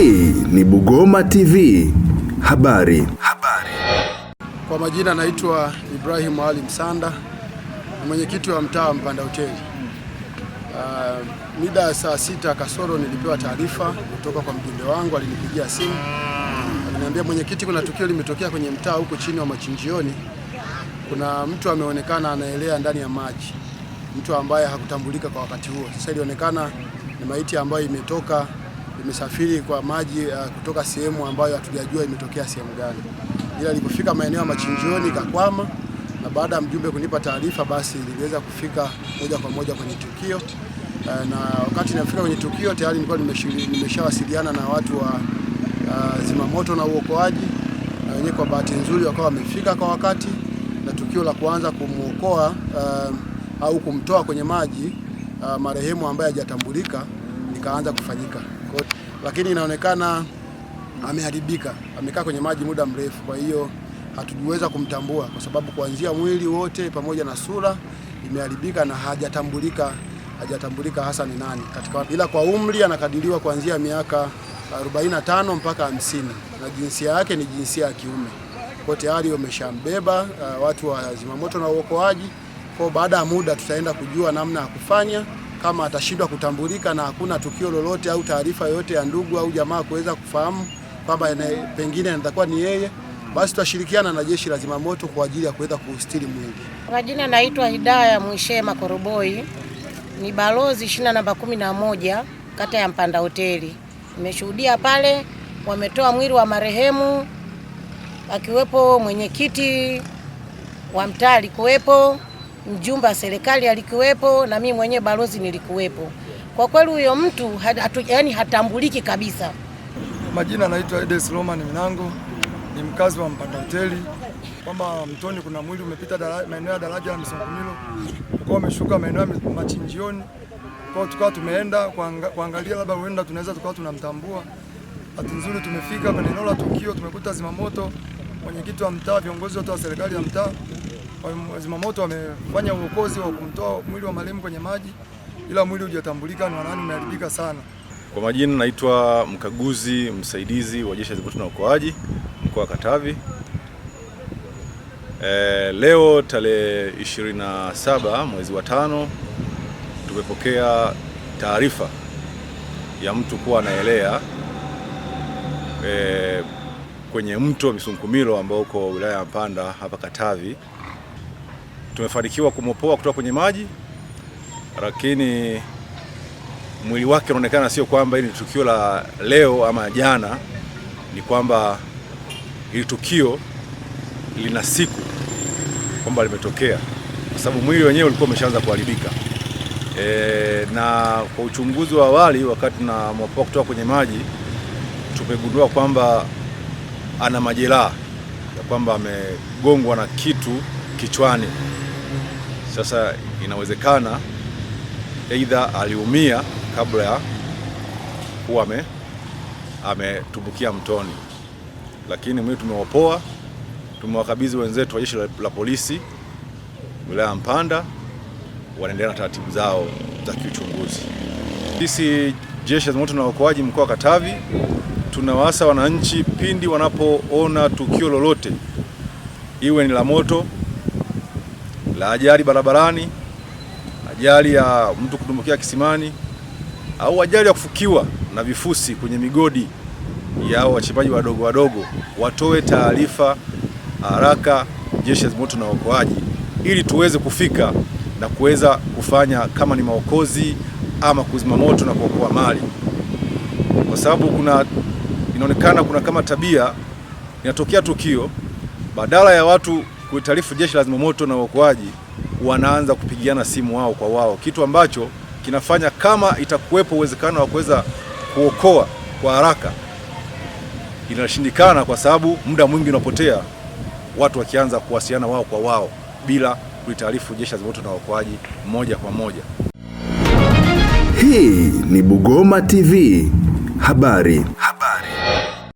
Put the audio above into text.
Hii ni Bugoma TV. Habari. Habari. Kwa majina naitwa Ibrahim Ali Msanda, ni mwenyekiti wa mtaa wa Mpanda Hoteli. Uh, mida ya saa sita kasoro nilipewa taarifa kutoka kwa mjumbe wangu, alinipigia simu aliniambia, mwenyekiti, kuna tukio limetokea kwenye mtaa huko chini wa machinjioni. Kuna mtu ameonekana anaelea ndani ya maji, mtu ambaye hakutambulika kwa wakati huo. Sasa ilionekana ni maiti ambayo imetoka imesafiri kwa maji uh, kutoka sehemu ambayo hatujajua imetokea sehemu gani, ila ilipofika maeneo ya machinjioni ikakwama, na baada ya mjumbe kunipa taarifa, basi niliweza kufika moja kwa moja kwenye tukio uh, na wakati nafika kwenye tukio tayari nilikuwa nimeshawasiliana na watu wa uh, zimamoto na uokoaji, na wenyewe kwa bahati nzuri wakawa wamefika kwa wakati, na tukio la kuanza kumwokoa uh, au kumtoa kwenye maji uh, marehemu ambaye hajatambulika nikaanza kufanyika. Kwa, lakini inaonekana ameharibika, amekaa kwenye maji muda mrefu, kwa hiyo hatujiweza kumtambua kwa sababu kuanzia mwili wote pamoja na sura imeharibika na hajatambulika, hajatambulika hasa ni nani katika, ila kwa umri anakadiriwa kuanzia miaka 45 mpaka 50 na jinsia yake ni jinsia ya kiume. Kwa tayari wameshambeba uh, watu wa zimamoto na uokoaji. Kwa baada ya muda tutaenda kujua namna ya kufanya kama atashindwa kutambulika na hakuna tukio lolote au taarifa yoyote ya ndugu au jamaa kuweza kufahamu kwamba pengine anatakuwa ni yeye, basi tutashirikiana na jeshi la zimamoto kwa ajili ya kuweza kuustiri mwili. Majina naitwa Hidaya Mwishema Koroboi, ni balozi shina namba kumi na moja kata ya Mpanda Hoteli. Nimeshuhudia pale wametoa mwili wa marehemu akiwepo mwenyekiti wa mtaa alikuwepo mjumbe wa serikali alikuwepo na mimi mwenyewe balozi nilikuwepo. Kwa kweli huyo mtu hatu, yani hatambuliki kabisa. Majina anaitwa Edes Roman Minango, ni mkazi wa Mpanda Hoteli. Kwamba mtoni kuna mwili umepita maeneo ya daraja la misungumilo kwa umeshuka maeneo ya machinjioni, kwa tukawa tumeenda kuangalia labda huenda tunaweza tukawa tunamtambua. Hati nzuri tumefika kwenye eneo la tukio, tumekuta zimamoto, mwenyekiti wa mtaa, viongozi wote wa serikali ya mtaa wazimamoto wamefanya uokozi wa kumtoa mwili wa marehemu kwenye maji, ila mwili hujatambulika ni wanani umeharibika sana. Kwa majina naitwa mkaguzi msaidizi wa jeshi la zimamoto na uokoaji mkoa wa Katavi. E, leo tarehe 27 mwezi wa tano tumepokea taarifa ya mtu kuwa anaelea e, kwenye mto Misunkumilo ambao uko wilaya ya Mpanda hapa Katavi tumefanikiwa kumwopoa kutoka kwenye maji, lakini mwili wake unaonekana, sio kwamba hili ni tukio la leo ama jana, ni kwamba hili tukio lina siku kwamba limetokea, kwa sababu mwili wenyewe ulikuwa umeshaanza kuharibika. E, na kwa uchunguzi wa awali wakati tunamwopoa kutoka kwenye maji tumegundua kwamba ana majeraha ya kwamba amegongwa na kitu kichwani. Sasa inawezekana aidha aliumia kabla ya kuwa ametumbukia mtoni, lakini mwili tumewapoa, tumewakabidhi wenzetu wa jeshi la polisi wilaya ya Mpanda, wanaendelea na taratibu zao za kiuchunguzi. Sisi jeshi la zimamoto na uokoaji mkoa wa Katavi tunawaasa wananchi pindi wanapoona tukio lolote, iwe ni la moto la ajali barabarani, ajali ya mtu kutumbukia kisimani, au ajali ya kufukiwa na vifusi kwenye migodi ya wachimbaji wadogo wadogo, watoe taarifa haraka jeshi la zimamoto na waokoaji ili tuweze kufika na kuweza kufanya kama ni maokozi ama kuzima moto na kuokoa mali, kwa sababu kuna inaonekana kuna kama tabia inatokea tukio badala ya watu kutaarifu jeshi la zimamoto na uokoaji, wanaanza kupigiana simu wao kwa wao, kitu ambacho kinafanya kama itakuwepo uwezekano wa kuweza kuokoa kwa haraka inashindikana, kwa sababu muda mwingi unapotea watu wakianza kuwasiliana wao kwa wao bila kulitaarifu jeshi la zimamoto na uokoaji moja kwa moja. Hii ni Bugoma TV habari.